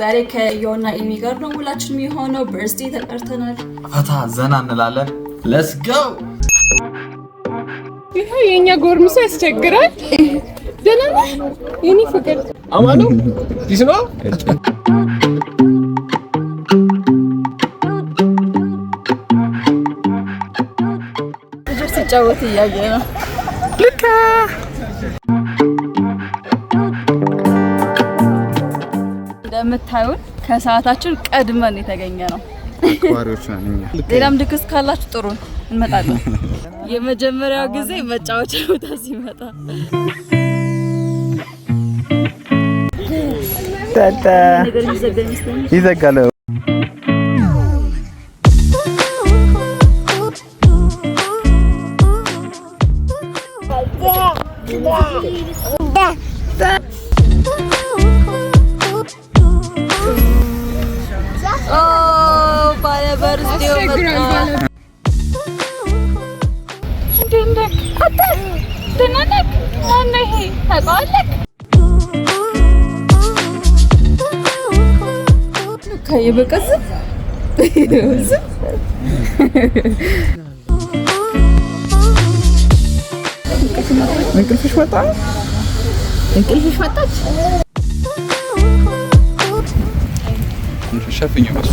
ዛሬ ከዮና ኤሚ ጋር ነው ውላችን የሆነው። በርዝዴ ተጠርተናል። ፈታ ዘና እንላለን። ለስ ጎ ጎርምሶ ያስቸግራል። ደህና ነህ ፍቅር? አማኑ ዲስ ነው ልጆች ሲጫወት እያየ ነው ልካ እንደምታዩን ከሰዓታችን ቀድመን የተገኘ ነው። አክባሪዎች ነን እኛ። ሌላም ድግስ ካላችሁ ጥሩ እንመጣለን። የመጀመሪያው ጊዜ መጫወቻ ቦታ ሲመጣ ይዘጋል። yaparız diyor bana. Dün dün. Atas. Dün anak. Annehi. Hep anak. Kayıbı kızım. Kızım. እንቅልፍሽ ወጣ? እንቅልፍሽ ወጣች? ሸፍኝ በሱ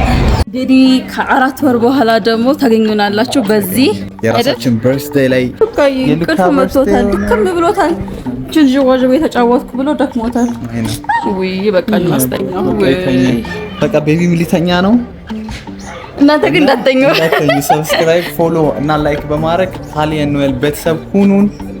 እንግዲህ ከአራት ወር በኋላ ደግሞ ታገኙናላችሁ። በዚህ የራሳችን በርስዴ ላይ ቅልፍ መጥቶታል፣ ድክም ብሎታል። ችን ዥዋዥዌ የተጫወትኩ ብሎ ደክሞታል። ውይ በቃ እናስተኛው። በቃ ቤቢ ሚሊተኛ ነው። እናንተ ግን እንዳትተኙ። ሰብስክራይብ፣ ፎሎ እና ላይክ በማድረግ ሀሊ ያኑዌል ቤተሰብ ሁኑን።